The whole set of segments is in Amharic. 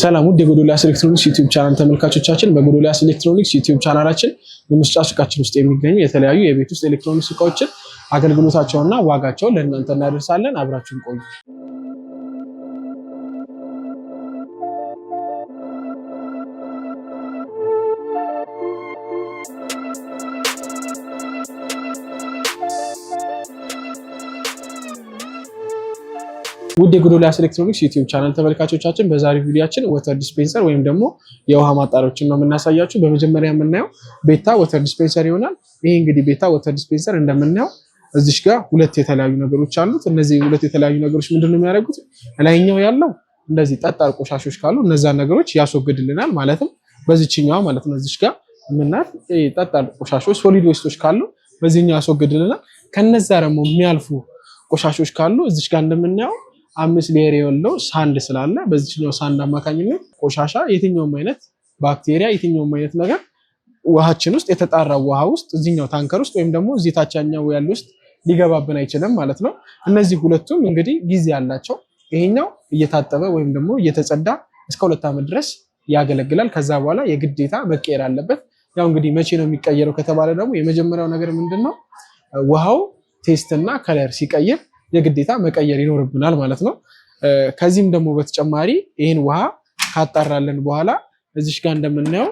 ሰላም ውድ የጎዶልያስ ኤሌክትሮኒክስ ዩቲዩብ ቻናል ተመልካቾቻችን፣ በጎዶልያስ ኤሌክትሮኒክስ ዩቲዩብ ቻናላችን በመስጫ ሱቃችን ውስጥ የሚገኙ የተለያዩ የቤት ውስጥ ኤሌክትሮኒክስ እቃዎችን አገልግሎታቸውና ዋጋቸውን ለእናንተ እናደርሳለን። አብራችሁን ቆዩ። ውድ የጎዶልያስ ኤሌክትሮኒክስ ዩቲዩብ ቻናል ተመልካቾቻችን በዛሬው ቪዲያችን ወተር ዲስፔንሰር ወይም ደግሞ የውሃ ማጣሪያዎችን ነው የምናሳያችሁ። በመጀመሪያ የምናየው ቤታ ወተር ዲስፔንሰር ይሆናል። ይሄ እንግዲህ ቤታ ወተር ዲስፔንሰር እንደምናየው እዚሽ ጋር ሁለት የተለያዩ ነገሮች አሉት። እነዚህ ሁለት የተለያዩ ነገሮች ምንድን ነው የሚያደርጉት? ላይኛው ያለው እንደዚህ ጠጣር ቆሻሾች ካሉ እነዛን ነገሮች ያስወግድልናል። ማለትም በዚችኛዋ ማለት ነው እዚሽ ጋር ምናት ጠጣር ቆሻሾች ሶሊድ ዌስቶች ካሉ በዚህኛው ያስወግድልናል። ከነዛ ደግሞ የሚያልፉ ቆሻሾች ካሉ እዚሽ ጋር እንደምናየው አምስት ሌየር የወለው ሳንድ ስላለ በዚችኛው ሳንድ አማካኝነት ቆሻሻ፣ የትኛውም አይነት ባክቴሪያ፣ የትኛውም አይነት ነገር ውሃችን ውስጥ የተጣራ ውሃ ውስጥ እዚኛው ታንከር ውስጥ ወይም ደግሞ እዚህ ታቻኛው ያለ ውስጥ ሊገባብን አይችልም ማለት ነው። እነዚህ ሁለቱም እንግዲህ ጊዜ ያላቸው ይሄኛው እየታጠበ ወይም ደግሞ እየተጸዳ እስከ ሁለት ዓመት ድረስ ያገለግላል። ከዛ በኋላ የግዴታ መቀየር አለበት። ያው እንግዲህ መቼ ነው የሚቀየረው ከተባለ ደግሞ የመጀመሪያው ነገር ምንድን ነው ውሃው ቴስትና ከለር ሲቀይር የግዴታ መቀየር ይኖርብናል ማለት ነው። ከዚህም ደግሞ በተጨማሪ ይህን ውሃ ካጣራለን በኋላ እዚሽ ጋር እንደምናየው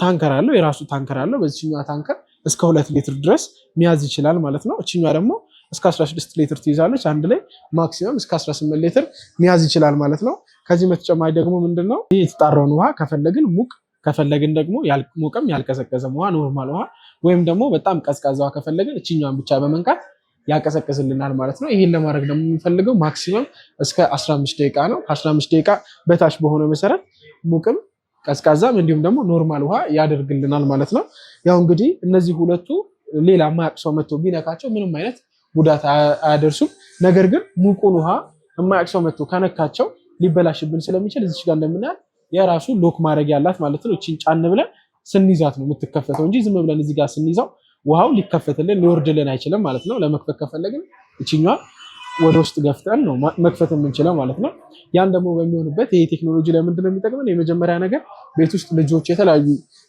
ታንከር አለው፣ የራሱ ታንከር አለው። በዚችኛ ታንከር እስከ ሁለት ሊትር ድረስ መያዝ ይችላል ማለት ነው። እችኛ ደግሞ እስከ 16 ሊትር ትይዛለች። አንድ ላይ ማክሲመም እስከ 18 ሊትር መያዝ ይችላል ማለት ነው። ከዚህም በተጨማሪ ደግሞ ምንድነው ይህ የተጣራውን ውሃ ከፈለግን ሙቅ ከፈለግን ደግሞ ሙቅም ያልቀዘቀዘም ውሃ ኖርማል ውሃ ወይም ደግሞ በጣም ቀዝቃዛ ውሃ ከፈለግን እችኛዋን ብቻ በመንካት ያቀሰቀስልናል ማለት ነው። ይህን ለማድረግ ደግሞ የምንፈልገው ማክሲመም እስከ 15 ደቂቃ ነው። ከ15 ደቂቃ በታች በሆነ መሰረት ሙቅም ቀዝቃዛም እንዲሁም ደግሞ ኖርማል ውሃ ያደርግልናል ማለት ነው። ያው እንግዲህ እነዚህ ሁለቱ ሌላ ማያቅ ሰው መጥቶ ቢነካቸው ምንም አይነት ጉዳት አያደርሱም። ነገር ግን ሙቁን ውሃ የማያቅ ሰው መጥቶ ከነካቸው ሊበላሽብን ስለሚችል እዚች ጋር እንደምናያል የራሱ ሎክ ማድረግ ያላት ማለት ነው። እችን ጫን ብለን ስንይዛት ነው የምትከፈተው እንጂ ዝም ብለን እዚህ ጋር ስንይዛው ውሃው ሊከፈትልን ሊወርድልን አይችልም ማለት ነው። ለመክፈት ከፈለግን እችኛ ወደ ውስጥ ገፍተን ነው መክፈት የምንችለው ማለት ነው። ያን ደግሞ በሚሆንበት ይሄ ቴክኖሎጂ ለምንድን ነው የሚጠቅመን? የመጀመሪያ ነገር ቤት ውስጥ ልጆች፣ የተለያዩ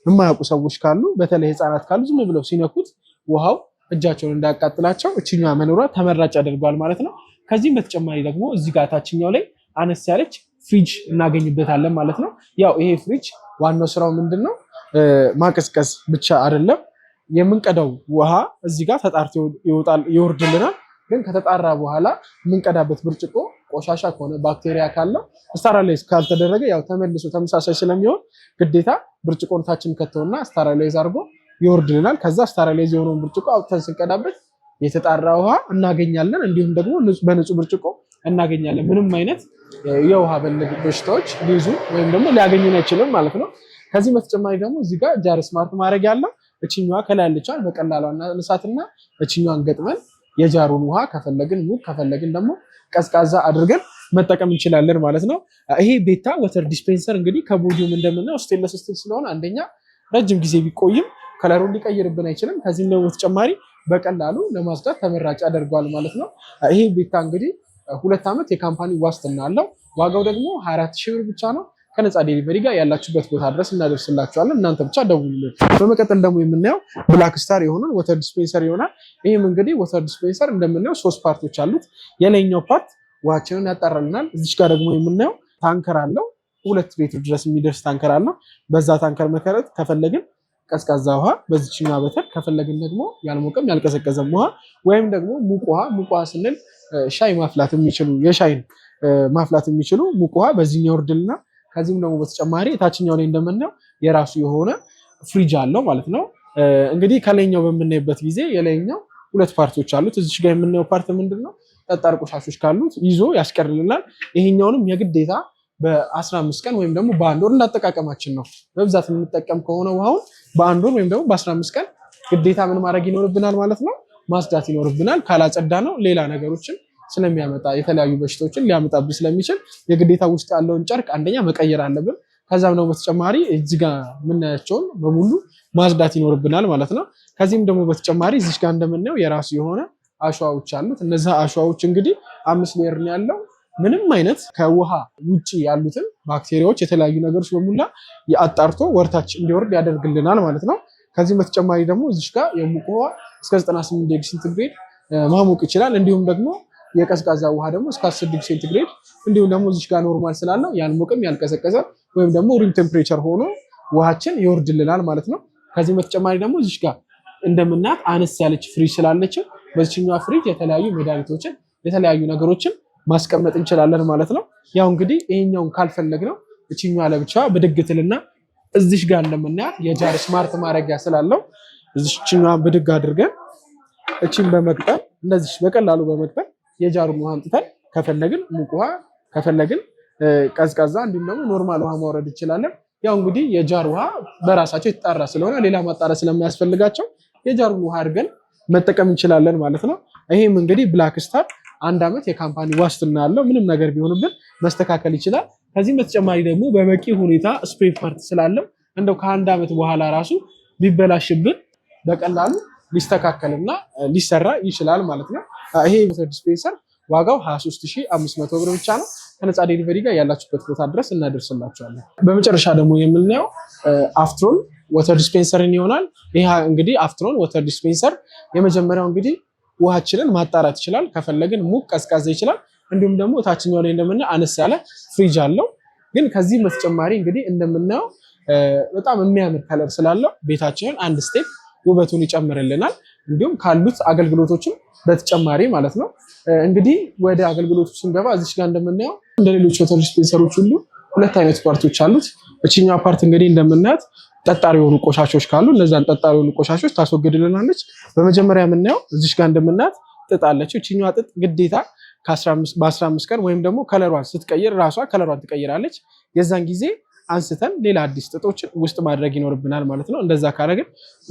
የማያውቁ ሰዎች ካሉ በተለይ ህፃናት ካሉ ዝም ብለው ሲነኩት ውሃው እጃቸውን እንዳያቃጥላቸው እችኛ መኖሯ ተመራጭ ያደርገዋል ማለት ነው። ከዚህም በተጨማሪ ደግሞ እዚህ ጋር ታችኛው ላይ አነስ ያለች ፍሪጅ እናገኝበታለን ማለት ነው። ያው ይሄ ፍሪጅ ዋናው ስራው ምንድን ነው? ማቀዝቀዝ ብቻ አይደለም የምንቀዳው ውሃ እዚህ ጋር ተጣርቶ ይወጣል ይወርድልናል። ግን ከተጣራ በኋላ የምንቀዳበት ብርጭቆ ቆሻሻ ከሆነ ባክቴሪያ ካለው ስታራላይዝ ካልተደረገ ያው ተመልሶ ተመሳሳይ ስለሚሆን ግዴታ ብርጭቆን ታችን ከተውና ስታራላይዝ አድርጎ ይወርድልናል። ከዛ ስታራላይዝ የሆነውን ብርጭቆ አውጥተን ስንቀዳበት የተጣራ ውሃ እናገኛለን። እንዲሁም ደግሞ በንጹህ ብርጭቆ እናገኛለን። ምንም አይነት የውሃ በለግ በሽታዎች ሊይዙ ወይም ደግሞ ሊያገኙን አይችልም ማለት ነው። ከዚህ በተጨማሪ ደግሞ እዚህ ጋር ጃር ስማርት ማድረግ ያለው እችኛዋ ከላይ ያለችዋን በቀላሉ እናነሳትና እችኛዋን ገጥመን የጃሩን ውሃ ከፈለግን ሙቅ ከፈለግን ደግሞ ቀዝቃዛ አድርገን መጠቀም እንችላለን ማለት ነው። ይሄ ቤታ ወተር ዲስፔንሰር እንግዲህ ከቦዲውም እንደምናየው ስቴንለስ ስቲል ስለሆነ አንደኛ ረጅም ጊዜ ቢቆይም ከለሩን ሊቀይርብን አይችልም። ከዚህም ደግሞ በተጨማሪ በቀላሉ ለማጽዳት ተመራጭ ያደርገዋል ማለት ነው። ይሄ ቤታ እንግዲህ ሁለት ዓመት የካምፓኒ ዋስትና አለው። ዋጋው ደግሞ 24 ሺህ ብር ብቻ ነው። ከነፃ ዴሊቨሪ ጋር ያላችሁበት ቦታ ድረስ እናደርስላችኋለን። እናንተ ብቻ ደውሉልን። በመቀጠል ደግሞ የምናየው ብላክ ስታር የሆነን ወተር ዲስፔንሰር ይሆናል። ይህም እንግዲህ ወተር ዲስፔንሰር እንደምናየው ሶስት ፓርቶች አሉት። የላይኛው ፓርት ውሃችንን ያጣራልናል። እዚች ጋር ደግሞ የምናየው ታንከር አለው ሁለት ሊትር ድረስ የሚደርስ ታንከር አለው። በዛ ታንከር መከረት ከፈለግን ቀዝቃዛ ውሃ በዚችኛ በተር ከፈለግን ደግሞ ያልሞቀም ያልቀዘቀዘም ውሃ ወይም ደግሞ ሙቅ ውሃ ሙቅ ውሃ ስንል ሻይ ማፍላት የሚችሉ የሻይን ማፍላት የሚችሉ ሙቅ ውሃ በዚህኛው እርድልና ከዚህም ደግሞ በተጨማሪ ታችኛው ላይ እንደምናየው የራሱ የሆነ ፍሪጅ አለው ማለት ነው። እንግዲህ ከላይኛው በምናይበት ጊዜ የላይኛው ሁለት ፓርቶች አሉት። እዚች ጋር የምናየው ፓርት ምንድን ነው? ጠጣር ቆሻሾች ካሉት ይዞ ያስቀርልናል። ይሄኛውንም የግዴታ በአስራ አምስት ቀን ወይም ደግሞ በአንድ ወር እንዳጠቃቀማችን ነው። በብዛት የምንጠቀም ከሆነ ውሃውን በአንድ ወር ወይም ደግሞ በአስራ አምስት ቀን ግዴታ ምን ማድረግ ይኖርብናል ማለት ነው ማጽዳት ይኖርብናል። ካላጸዳ ነው ሌላ ነገሮችን ስለሚያመጣ የተለያዩ በሽታዎችን ሊያመጣብን ስለሚችል የግዴታ ውስጥ ያለውን ጨርቅ አንደኛ መቀየር አለብን። ከዛም ደግሞ በተጨማሪ እዚህ ጋር የምናያቸውን በሙሉ ማጽዳት ይኖርብናል ማለት ነው። ከዚህም ደግሞ በተጨማሪ እዚች ጋር እንደምናየው የራሱ የሆነ አሸዋዎች አሉት። እነዚህ አሸዋዎች እንግዲህ አምስት ሌየር ያለው ምንም አይነት ከውሃ ውጭ ያሉትን ባክቴሪያዎች፣ የተለያዩ ነገሮች በሙላ አጣርቶ ወርታች እንዲወርድ ያደርግልናል ማለት ነው። ከዚህም በተጨማሪ ደግሞ እዚች ጋር የሙቅ ውሃ እስከ 98 ዲግሪ ሴንቲግሬድ ማሞቅ ይችላል። እንዲሁም ደግሞ የቀዝቃዛ ውሃ ደግሞ እስከ አስር ዲግሪ ሴንቲግሬድ እንዲሁም ደግሞ እዚች ጋር ኖርማል ስላለው ያልሞቀም ያልቀዘቀዘ ወይም ደግሞ ሪም ቴምፕሬቸር ሆኖ ውሃችን ይወርድልናል ማለት ነው። ከዚህ በተጨማሪ ደግሞ እዚች ጋር እንደምናት አነስ ያለች ፍሪጅ ስላለችን በዚችኛዋ ፍሪጅ የተለያዩ መድኃኒቶችን የተለያዩ ነገሮችን ማስቀመጥ እንችላለን ማለት ነው። ያው እንግዲህ ይሄኛውን ካልፈለግ ነው እችኛ ለብቻ ብድግትልና እዚሽ ጋር እንደምናያት የጃር ስማርት ማድረጊያ ስላለው እዚችኛ ብድግ አድርገን እችን በመቅጠል እንደዚህ በቀላሉ በመቅጠል የጃር ውሃ አምጥተን ከፈለግን ሙቅ ውሃ ከፈለግን ቀዝቃዛ እንዲሁም ደግሞ ኖርማል ውሃ ማውረድ እንችላለን። ያው እንግዲህ የጃር ውሃ በራሳቸው የተጣራ ስለሆነ ሌላ ማጣሪያ ስለማያስፈልጋቸው የጃሩን ውሃ አድርገን መጠቀም እንችላለን ማለት ነው። ይህም እንግዲህ ብላክ ስታር አንድ ዓመት የካምፓኒ ዋስትና ያለው ምንም ነገር ቢሆንብን መስተካከል ይችላል። ከዚህም በተጨማሪ ደግሞ በበቂ ሁኔታ ስፕሬ ፓርት ስላለው እንደው ከአንድ ዓመት በኋላ ራሱ ቢበላሽብን በቀላሉ ሊስተካከልና ሊሰራ ይችላል ማለት ነው። ይሄ ሜትር ዲስፔንሰር ዋጋው 23500 ብር ብቻ ነው። ከነፃ ዴሊቨሪ ጋር ያላችሁበት ቦታ ድረስ እናደርስላችኋለን። በመጨረሻ ደግሞ የምናየው አፍትሮን ወተር ዲስፔንሰርን ይሆናል። ይህ እንግዲህ አፍትሮን ወተር ዲስፔንሰር የመጀመሪያው እንግዲህ ውሃችንን ማጣራት ይችላል። ከፈለግን ሙቅ፣ ቀዝቃዛ ይችላል። እንዲሁም ደግሞ ታችኛው ላይ እንደምናየው አነስ ያለ ፍሪጅ አለው። ግን ከዚህ በተጨማሪ እንግዲህ እንደምናየው በጣም የሚያምር ከለር ስላለው ቤታችንን አንድ ስቴፕ ውበቱን ይጨምርልናል። እንዲሁም ካሉት አገልግሎቶችም በተጨማሪ ማለት ነው። እንግዲህ ወደ አገልግሎቶች ስንገባ እዚች ጋር እንደምናየው እንደ ሌሎች ሆቴል ስፔንሰሮች ሁሉ ሁለት አይነት ፓርቶች አሉት። እችኛዋ ፓርት እንግዲህ እንደምናያት ጠጣሪ የሆኑ ቆሻሾች ካሉ እነዛን ጠጣሪ የሆኑ ቆሻሾች ታስወግድልናለች። በመጀመሪያ የምናየው እዚች ጋር እንደምናያት ጥጥ አለችው። እችኛዋ ጥጥ ግዴታ በአስራ አምስት ቀን ወይም ደግሞ ከለሯን ስትቀይር ራሷ ከለሯን ትቀይራለች። የዛን ጊዜ አንስተን ሌላ አዲስ ጥጦችን ውስጥ ማድረግ ይኖርብናል ማለት ነው። እንደዛ ካረግን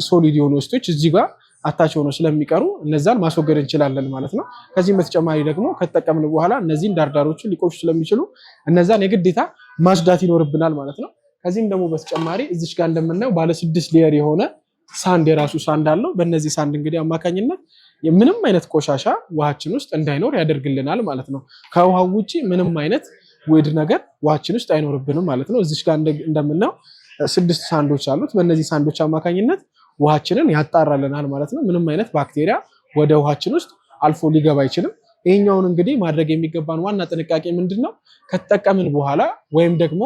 ሶሊድ የሆኑ ውስጦች እዚህ ጋር አታች ሆኖ ስለሚቀሩ እነዛን ማስወገድ እንችላለን ማለት ነው። ከዚህም በተጨማሪ ደግሞ ከተጠቀምን በኋላ እነዚህን ዳርዳሮች ሊቆሹ ስለሚችሉ እነዛን የግዴታ ማጽዳት ይኖርብናል ማለት ነው። ከዚህም ደግሞ በተጨማሪ እዚች ጋር እንደምናየው ባለ ስድስት ሌየር የሆነ ሳንድ የራሱ ሳንድ አለው። በእነዚህ ሳንድ እንግዲህ አማካኝነት ምንም አይነት ቆሻሻ ውሃችን ውስጥ እንዳይኖር ያደርግልናል ማለት ነው። ከውሃው ውጭ ምንም አይነት ውድ ነገር ውሃችን ውስጥ አይኖርብንም ማለት ነው። እዚች ጋር እንደምናየው ስድስት ሳንዶች አሉት። በእነዚህ ሳንዶች አማካኝነት ውሃችንን ያጣራልናል ማለት ነው። ምንም አይነት ባክቴሪያ ወደ ውሃችን ውስጥ አልፎ ሊገባ አይችልም። ይህኛውን እንግዲህ ማድረግ የሚገባን ዋና ጥንቃቄ ምንድን ነው? ከተጠቀምን በኋላ ወይም ደግሞ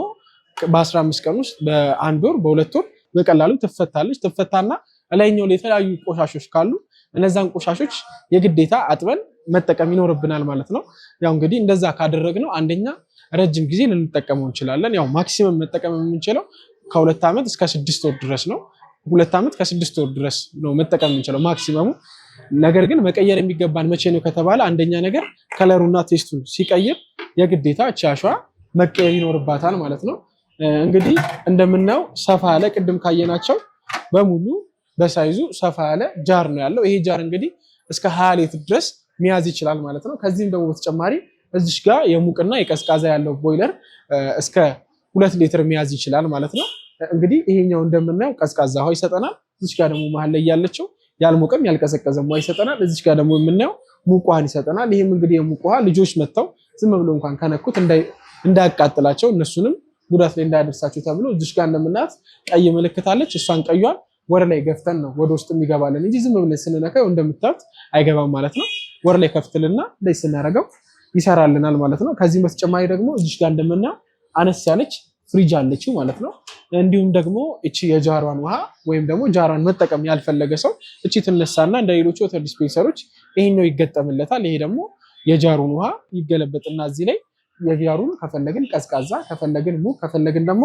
በአስራ አምስት ቀን ውስጥ በአንድ ወር በሁለት ወር በቀላሉ ትፈታለች። ትፈታና ላይኛው ላይ የተለያዩ ቆሻሾች ካሉ እነዛን ቆሻሾች የግዴታ አጥበን መጠቀም ይኖርብናል ማለት ነው። ያው እንግዲህ እንደዛ ካደረግነው አንደኛ ረጅም ጊዜ ልንጠቀመው እንችላለን። ያው ማክሲመም መጠቀም የምንችለው ከሁለት ዓመት እስከ ስድስት ወር ድረስ ነው። ሁለት ዓመት ከስድስት ወር ድረስ ነው መጠቀም የምንችለው ማክሲመሙ። ነገር ግን መቀየር የሚገባን መቼ ነው ከተባለ አንደኛ ነገር ከለሩና ቴስቱን ሲቀይር የግዴታ ቻሿ መቀየር ይኖርባታል ማለት ነው። እንግዲህ እንደምናየው ሰፋ ያለ ቅድም ካየናቸው በሙሉ በሳይዙ ሰፋ ያለ ጃር ነው ያለው። ይሄ ጃር እንግዲህ እስከ ሀያ ሌትር ድረስ መያዝ ይችላል ማለት ነው። ከዚህም ደግሞ በተጨማሪ እዚሽ ጋር የሙቅና የቀዝቃዛ ያለው ቦይለር እስከ ሁለት ሊትር መያዝ ይችላል ማለት ነው። እንግዲህ ይሄኛው እንደምናየው ቀዝቃዛ ውሃ ይሰጠናል። እዚች ጋር ደግሞ መሀል ላይ ያለችው ያልሞቀም ያልቀዘቀዘም ውሃ ይሰጠናል። እዚች ጋር ደግሞ የምናየው ሙቅ ውሃን ይሰጠናል። ይህም እንግዲህ የሙቅ ውሃ ልጆች መጥተው ዝም ብሎ እንኳን ከነኩት እንዳያቃጥላቸው እነሱንም ጉዳት ላይ እንዳያደርሳቸው ተብሎ እዚች ጋር እንደምናያት ቀይ ምልክት አለች። እሷን ቀዩን ወደ ላይ ገፍተን ነው ወደ ውስጥ የሚገባለን እንጂ ዝም ብለን ስንነካው እንደምታዩት አይገባም ማለት ነው። ወደ ላይ ከፍትልና እንደዚህ ስናደርገው ይሰራልናል ማለት ነው። ከዚህም በተጨማሪ ደግሞ እዚች ጋር እንደምናየው አነስ ያለች ፍሪጅ አለችው ማለት ነው። እንዲሁም ደግሞ እቺ የጃሯን ውሃ ወይም ደግሞ ጃሯን መጠቀም ያልፈለገ ሰው እቺ ትነሳና እንደ ሌሎች ወተር ዲስፔንሰሮች ይሄን ነው ይገጠምለታል። ይሄ ደግሞ የጃሩን ውሃ ይገለበጥና እዚህ ላይ የጃሩን ከፈለግን ቀዝቃዛ፣ ከፈለግን ሙ፣ ከፈለግን ደግሞ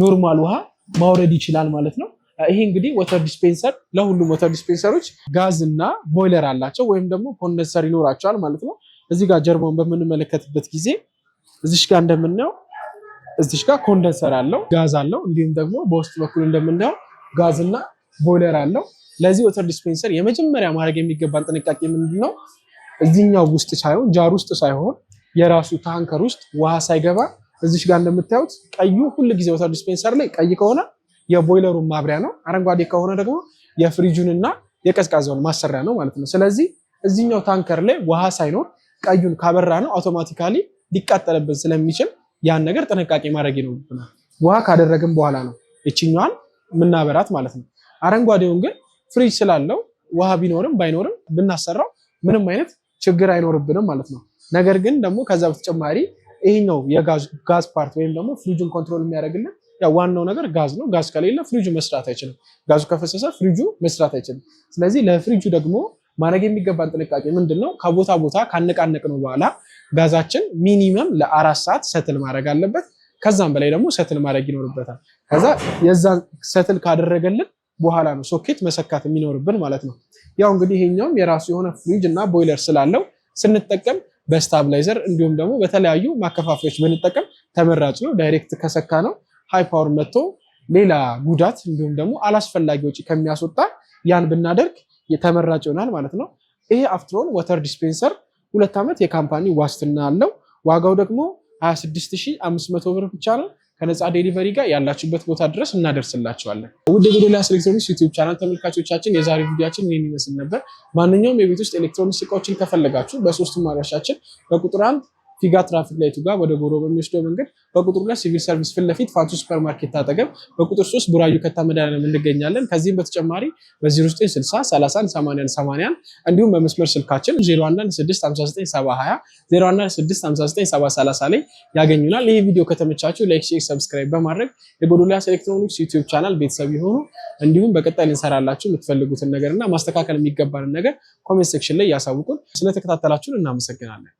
ኖርማል ውሃ ማውረድ ይችላል ማለት ነው። ይሄ እንግዲህ ወተር ዲስፔንሰር ለሁሉም ወተር ዲስፔንሰሮች ጋዝ እና ቦይለር አላቸው ወይም ደግሞ ኮንደንሰር ይኖራቸዋል ማለት ነው። እዚህ ጋር ጀርባውን በምንመለከትበት ጊዜ እዚሽ ጋር እንደምናየው እዚሽ ጋር ኮንደንሰር አለው፣ ጋዝ አለው። እንዲሁም ደግሞ በውስጥ በኩል እንደምናየው ጋዝና ቦይለር አለው። ለዚህ ወተር ዲስፔንሰር የመጀመሪያ ማድረግ የሚገባን ጥንቃቄ ምንድን ነው? እዚህኛው ውስጥ ሳይሆን ጃር ውስጥ ሳይሆን የራሱ ታንከር ውስጥ ውሃ ሳይገባ እዚሽ ጋር እንደምታዩት ቀዩ ሁል ጊዜ ወተር ዲስፔንሰር ላይ ቀይ ከሆነ የቦይለሩን ማብሪያ ነው፣ አረንጓዴ ከሆነ ደግሞ የፍሪጁንና የቀዝቃዛውን ማሰሪያ ነው ማለት ነው። ስለዚህ እዚህኛው ታንከር ላይ ውሃ ሳይኖር ቀዩን ካበራ ነው አውቶማቲካሊ ሊቃጠልብን ስለሚችል ያን ነገር ጥንቃቄ ማድረግ ይኖርብናል። ውሃ ካደረግን በኋላ ነው ይችኛዋን የምናበራት ማለት ነው። አረንጓዴውን ግን ፍሪጅ ስላለው ውሃ ቢኖርም ባይኖርም ብናሰራው ምንም አይነት ችግር አይኖርብንም ማለት ነው። ነገር ግን ደግሞ ከዛ በተጨማሪ ይሄኛው የጋዝ ፓርት ወይም ደግሞ ፍሪጁን ኮንትሮል የሚያደርግልን ያው ዋናው ነገር ጋዝ ነው። ጋዝ ከሌለ ፍሪጁ መስራት አይችልም። ጋዙ ከፈሰሰ ፍሪጁ መስራት አይችልም። ስለዚህ ለፍሪጁ ደግሞ ማድረግ የሚገባን ጥንቃቄ ምንድን ነው? ከቦታ ቦታ ካነቃነቅ ነው በኋላ ጋዛችን ሚኒመም ለአራት ሰዓት ሰትል ማድረግ አለበት። ከዛም በላይ ደግሞ ሰትል ማድረግ ይኖርበታል። ከዛ የዛን ሰትል ካደረገልን በኋላ ነው ሶኬት መሰካት የሚኖርብን ማለት ነው። ያው እንግዲህ ይሄኛውም የራሱ የሆነ ፍሪጅ እና ቦይለር ስላለው ስንጠቀም በስታብላይዘር እንዲሁም ደግሞ በተለያዩ ማከፋፈያዎች ብንጠቀም ተመራጭ ነው። ዳይሬክት ከሰካ ነው ሃይ ፓወር መጥቶ ሌላ ጉዳት እንዲሁም ደግሞ አላስፈላጊ ወጪ ከሚያስወጣ ያን ብናደርግ ተመራጭ ይሆናል ማለት ነው። ይሄ አፍትሮን ወተር ዲስፔንሰር ሁለት ዓመት የካምፓኒ ዋስትና አለው። ዋጋው ደግሞ 26500 ብር ብቻ ነው። ከነፃ ዴሊቨሪ ጋር ያላችሁበት ቦታ ድረስ እናደርስላችኋለን። ውድ የጎዶልያስ ኤሌክትሮኒክስ ዩቲዩብ ቻናል ተመልካቾቻችን የዛሬ ቪዲዮችን ይህን ይመስል ነበር። ማንኛውም የቤት ውስጥ ኤሌክትሮኒክስ እቃዎችን ከፈለጋችሁ በሶስቱም አድራሻችን በቁጥር አንድ ፊጋ ትራፊክ ላይቱ ጋር ወደ ጎሮ በሚወስደው መንገድ፣ በቁጥር ሁለት ሲቪል ሰርቪስ ፊት ለፊት ፋቱ ሱፐር ማርኬት አጠገብ፣ በቁጥር ሶስት ቡራዩ ከታ መድኃኒዓለም እንገኛለን። ከዚህም በተጨማሪ በ0960 እንዲሁም በመስመር ስልካችን 0116597020 ላይ ያገኙናል። ይህ ቪዲዮ ከተመቻችሁ ላይክ፣ ሼር፣ ሰብስክራይብ በማድረግ የጎዶልያስ ኤሌክትሮኒክስ ዩቲዩብ ቻናል ቤተሰብ የሆኑ እንዲሁም በቀጣይ ልንሰራላችሁ የምትፈልጉትን ነገር እና ማስተካከል የሚገባንን ነገር ኮሜንት ሴክሽን ላይ እያሳውቁን ስለተከታተላችሁን እናመሰግናለን።